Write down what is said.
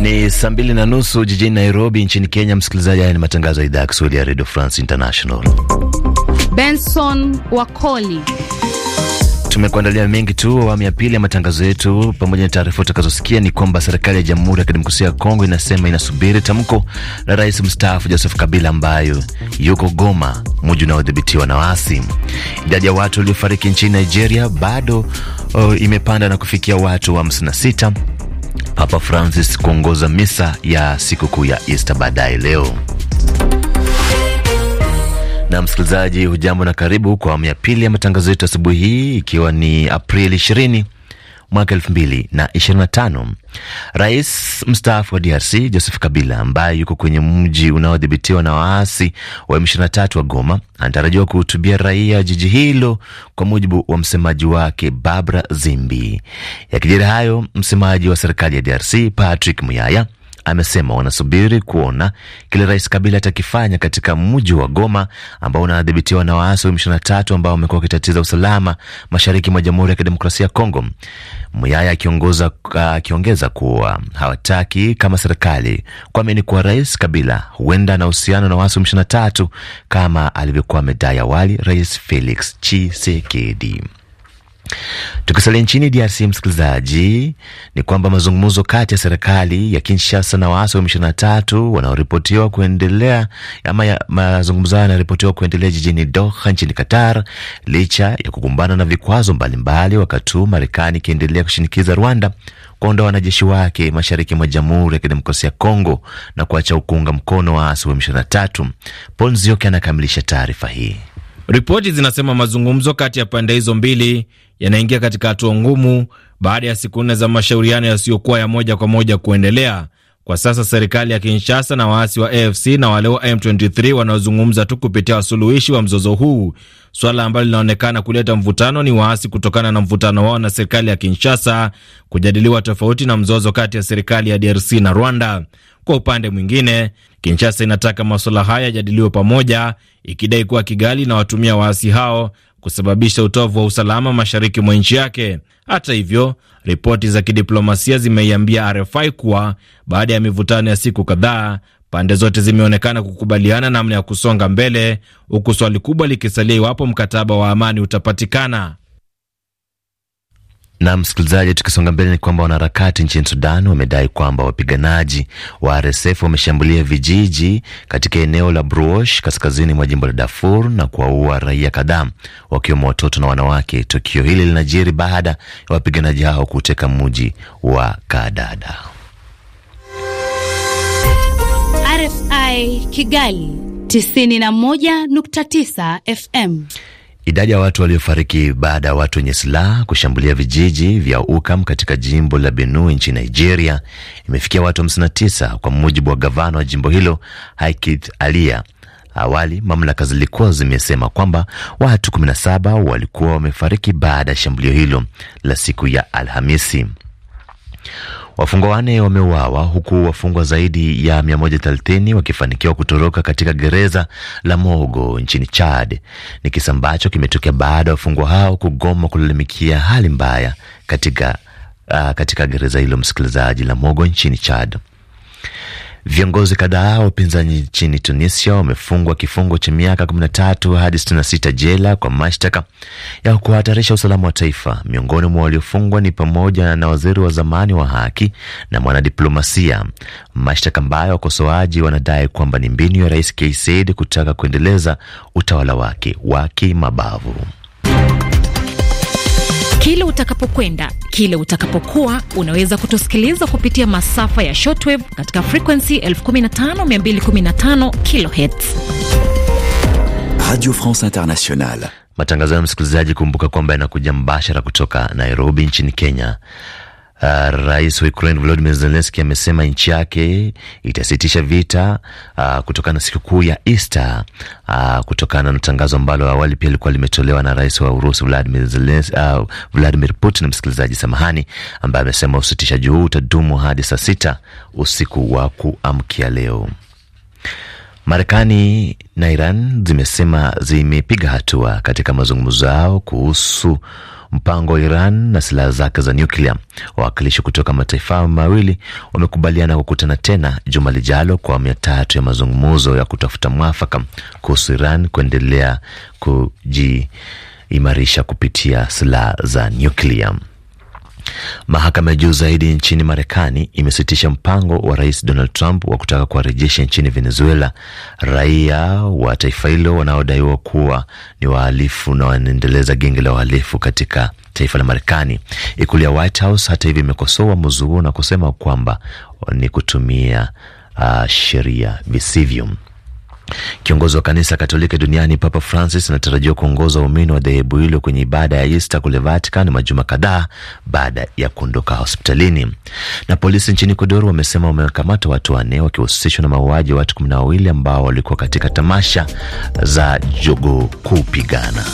Ni saa mbili na nusu jijini Nairobi nchini Kenya. Msikilizaji, haya ni matangazo ya idhaa ya Kiswahili ya Radio France International. Benson Wakoli tumekuandalia mengi tu. Awamu ya pili ya matangazo yetu, pamoja na taarifa utakazosikia, ni kwamba serikali ya Jamhuri ya Kidemokrasia ya Kongo inasema inasubiri tamko la rais mstaafu Joseph Kabila ambayo yuko Goma, muji unaodhibitiwa na waasi. Idadi ya watu waliofariki nchini Nigeria bado oh, imepanda na kufikia watu 56 wa Papa Francis kuongoza misa ya sikukuu ya Easter baadaye leo. Na msikilizaji, hujambo na karibu kwa awamu ya pili ya matangazo yetu asubuhi hii, ikiwa ni Aprili 20 mwaka tano. Rais mstaafu wa DRC Joseph Kabila ambaye yuko kwenye mji unaodhibitiwa na waasi wa M23 wa Goma anatarajiwa kuhutubia raia wa jiji hilo, kwa mujibu wa msemaji wake Barbara Zimbi. Yakijiri hayo, msemaji wa serikali ya DRC Patrick Muyaya amesema wanasubiri kuona kile Rais Kabila atakifanya katika mji wa Goma ambao unadhibitiwa na waasi wa M23 ambao wamekuwa wakitatiza usalama mashariki mwa Jamhuri ya Kidemokrasia ya Kongo. Muyaya akiongeza uh, kuwa hawataki kama serikali kuamini kuwa Rais Kabila huenda na uhusiano na waasi wa M23 kama alivyokuwa amedai awali Rais Felix Tshisekedi. Tukisalia nchini DRC, msikilizaji, ni kwamba mazungumzo kati ya serikali ya Kinshasa na waasi wa M23 wanaoripotiwa kuendelea ama ya, mazungumzo hayo yanaripotiwa kuendelea jijini Doha nchini Qatar licha ya kukumbana na vikwazo mbalimbali, wakati huu Marekani ikiendelea kushinikiza Rwanda kuondoa wanajeshi wake mashariki mwa Jamhuri ya Kidemokrasia ya Kongo na kuacha kuunga mkono waasi wa M23. Paul Nzioki anakamilisha taarifa hii. Ripoti zinasema mazungumzo kati ya pande hizo mbili yanaingia katika hatua ngumu baada ya siku nne za mashauriano yasiyokuwa ya moja kwa moja kuendelea. Kwa sasa serikali ya Kinshasa na waasi wa AFC na wale wa M23 wanaozungumza tu kupitia wasuluhishi wa mzozo huu. Swala ambalo linaonekana kuleta mvutano ni waasi kutokana na mvutano wao na serikali ya Kinshasa kujadiliwa tofauti na mzozo kati ya serikali ya DRC na Rwanda. Kwa upande mwingine, Kinshasa inataka masuala haya yajadiliwe pamoja, ikidai kuwa Kigali inawatumia waasi hao kusababisha utovu wa usalama mashariki mwa nchi yake. Hata hivyo, ripoti za kidiplomasia zimeiambia RFI kuwa baada ya mivutano ya siku kadhaa, pande zote zimeonekana kukubaliana namna ya kusonga mbele, huku swali kubwa likisalia iwapo mkataba wa amani utapatikana. Na msikilizaji, tukisonga mbele ni kwamba wanaharakati nchini Sudan wamedai kwamba wapiganaji wa RSF wameshambulia vijiji katika eneo la Bruosh kaskazini mwa jimbo la Darfur na kuwaua raia kadhaa wakiwemo watoto na wanawake. Tukio hili linajiri baada ya wapiganaji hao kuteka mji wa Kadada. RFI Kigali 91.9 FM. Idadi ya watu waliofariki baada ya watu wenye silaha kushambulia vijiji vya Ukam katika jimbo la Benue nchini Nigeria imefikia watu 59 kwa mujibu wa gavana wa jimbo hilo Haikith Alia. Awali mamlaka zilikuwa zimesema kwamba watu 17 walikuwa wamefariki baada ya shambulio hilo la siku ya Alhamisi. Wafungwa wane wameuawa huku wafungwa zaidi ya 130 wakifanikiwa kutoroka katika gereza la Mogo nchini Chad. Ni kisa ambacho kimetokea baada ya wafungwa hao kugoma kulalamikia hali mbaya katika, uh, katika gereza hilo msikilizaji la Mogo nchini Chad. Viongozi kadhaa wa upinzani nchini Tunisia wamefungwa kifungo cha miaka 13 hadi 66 jela kwa mashtaka ya kuhatarisha usalama wa taifa. Miongoni mwa waliofungwa ni pamoja na waziri wa zamani wa haki na mwanadiplomasia, mashtaka ambayo wakosoaji wanadai kwamba ni mbinu ya rais Kais Saied kutaka kuendeleza utawala wake wa kimabavu. Kile utakapokwenda kile utakapokuwa unaweza kutusikiliza kupitia masafa ya shortwave katika frequency 15215 kilohertz. Radio France Internationale. Matangazo ya msikilizaji, kumbuka kwamba yanakuja mbashara kutoka Nairobi nchini Kenya. Uh, rais wa Ukraine Volodymyr Zelensky amesema nchi yake itasitisha vita uh, kutokana na sikukuu ya Easter uh, kutokana na tangazo ambalo awali pia lilikuwa limetolewa na rais wa Urusi Vladimir Zelensky, uh, Vladimir Putin, msikilizaji, samahani, ambaye amesema usitishaji huu utadumu hadi saa sita usiku wa kuamkia leo. Marekani na Iran zimesema zimepiga hatua katika mazungumzo yao kuhusu mpango wa Iran na silaha zake za nyuklia. Wawakilishi kutoka mataifa mawili wamekubaliana kukutana tena juma lijalo kwa awamu ya tatu ya mazungumzo ya kutafuta mwafaka kuhusu Iran kuendelea kujiimarisha kupitia silaha za nyuklia. Mahakama ya juu zaidi nchini Marekani imesitisha mpango wa rais Donald Trump wa kutaka kuwarejesha nchini Venezuela raia wa taifa hilo wanaodaiwa kuwa ni wahalifu na wanaendeleza genge la wahalifu katika taifa la Marekani. Ikulu ya White House hata hivyo imekosoa uamuzi huo na kusema kwamba ni kutumia uh, sheria visivyo. Kiongozi wa kanisa Katoliki duniani Papa Francis anatarajiwa kuongoza waumini wa dhehebu hilo kwenye ibada ya Ista kule Vatican majuma kadhaa baada ya kuondoka hospitalini. Na polisi nchini Kodoro wamesema wamekamata watu wanne wakihusishwa na mauaji ya watu kumi na wawili ambao walikuwa katika tamasha za jogo kupigana.